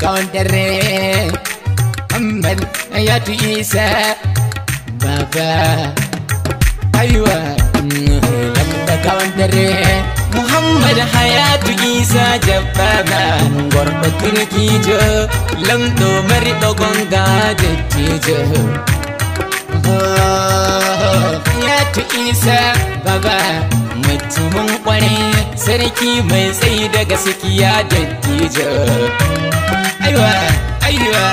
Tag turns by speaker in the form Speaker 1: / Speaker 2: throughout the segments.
Speaker 1: kauntarre amban ya tu isa baba aiwa damba kauntarre muhammad hayatu isa jabbaba gordo kirki jo lamdo mari dogonga jettijo ya tu isa baba mutumin kwarai sarki mai tsayi da gaskiya da dijo aiwa aiwa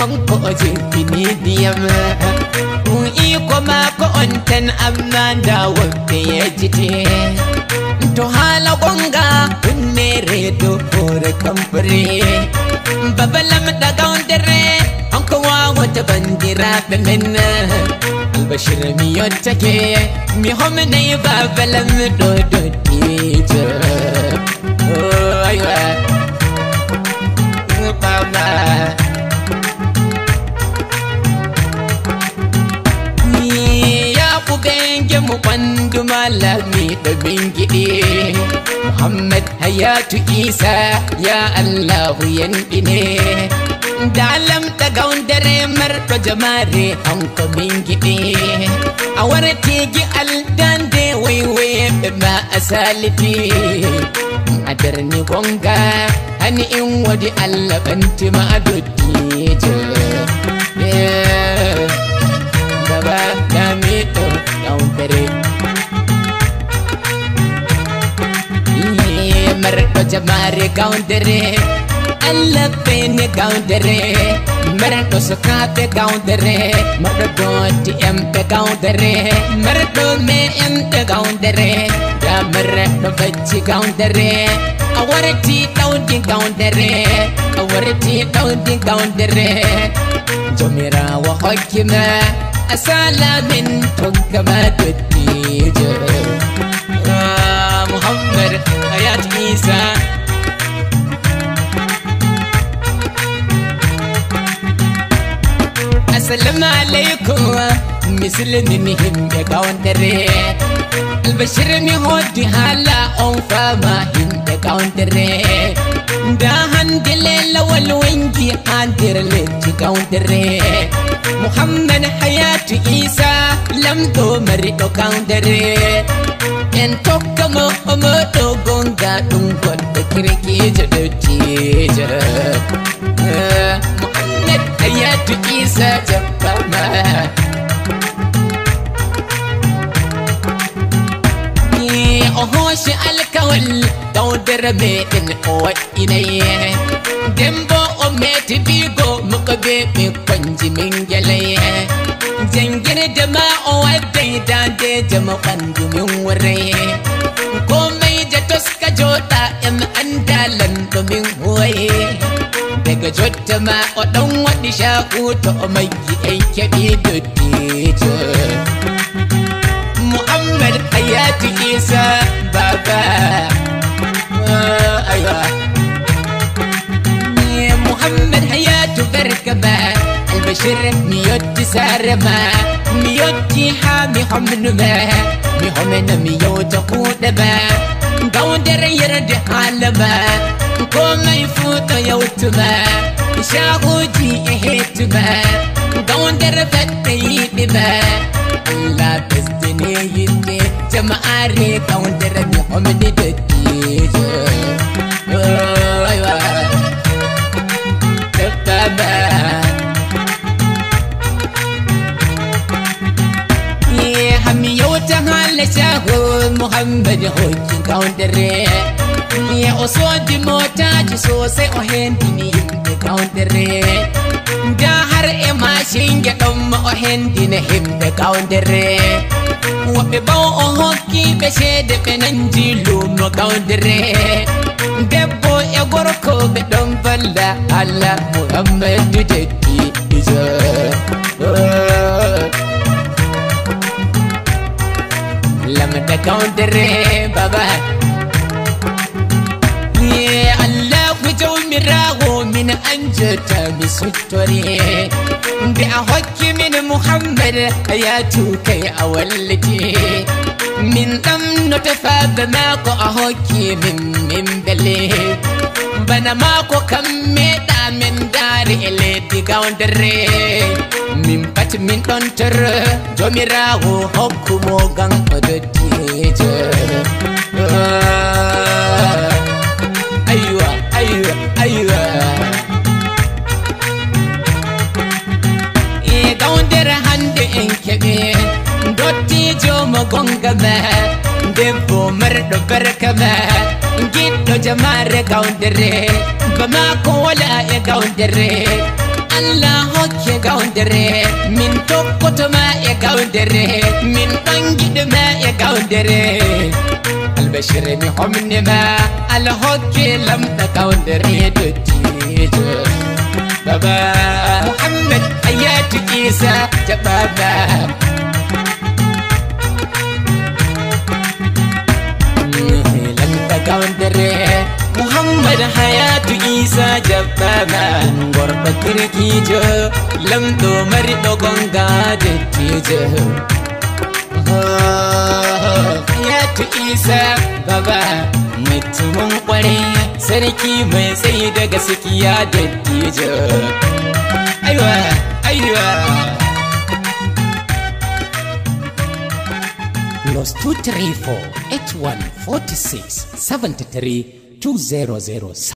Speaker 1: an ko ojin fini diyam un iko ma ko amna da wote yejite to hala gonga binne do hore kamfure babalam da gaundare an wa wata bandira menna bashir mi yotake mi homne babalam do do Gwandu lami da gingide Muhammad Hayatu Isa ya Allahu da alam ta gaundare marfa jamare an ka gingide A wani tegi aldan da waiwaye ma asalifi A ni gonga hani in wadi Allah ma adodi je जमारे ने अल्लपेने रे मेरे तो सकाते रे मर दो एम पे रे मेरे तो में एम पे गाउंडरे या मेरे तो बच्ची गाउंडरे अवरे टी डाउंडी गाउंडरे अवरे टी डाउंडी रे जो मेरा वो हकीमा असला मिन थुगमा तुत्तीजर محمد حياة عيسى عليكم مثل منهم دقاون دري البشر ميهود هلا أنفا ما هم دقاون دري دهن دليل والوينجي أندر لتقاون دري محمد حياة عيسى لم تمر دقاون دري en tokka mo omo ɗo gonga ɗum goɗɗo kirkijo ɗo jiijo sunan hayatu isa jabbama hoshi alkawal daudar meɗin owa inaye dembo o meti digo muka beɓe kwanji min gelaye jangir jama o waddai dade jama kwandu min wuraye komai ja toska jota yan andalan domin waye daga jotta ma o ɗan wadi shaku to mai maggi ɗan kyaɓe dottijo muhammad hayatu isa baba aiwa muhammad hayatu gargaba albashir mi yotti sarama mi yotti ha mi homnuma mi homena mi yewta kuɗaba gawdar yarde halama komai futa ya utuma ku sha goji ya hetuma ku gaundar fatta yi ɗiba Allah besti ne yin ne jama'a re gaundar Muhammadu da Tijo Aiwa Tattaba Hami yau ta halasha ko Muhammadu hokin gaundar ndiye o soodi motaji soose o hendini yimɓe gawndere nda har e machinge ɗomma o hendine himɓe gawndere woɓɓe ɓaw o hokkiɓe seede ɓe nanji lumo gawndere debbo e gorko ɓe ɗon balla allah muhammadu dekki isa lamda gawndere baba an jata bi sutore bi a hokki min muhammad ya tukai a wallaje min dam no tafa ba mako a hokki min min bele bana mako kam me da min dare ele diga wondere min pat min don ter jomirawo hokkumo gan ododije Oh ah. مرد بركبة جيت جمار قوندري كما قولا قوندري الله هوك قوندري من توقت ما قوندري من طنجد ما قوندري البشر محمد ما الهوك لم تقوندري دجيج بابا محمد حياتك إيسا جبابا kawandare muhammad hayatu isa jabbana gorɗo kirkijo lamɗo mariɗo gonga dettijo hayatu isa baba mutumin sarki mai tsayi da gaskiya dattijo Los two, 8146 73 2007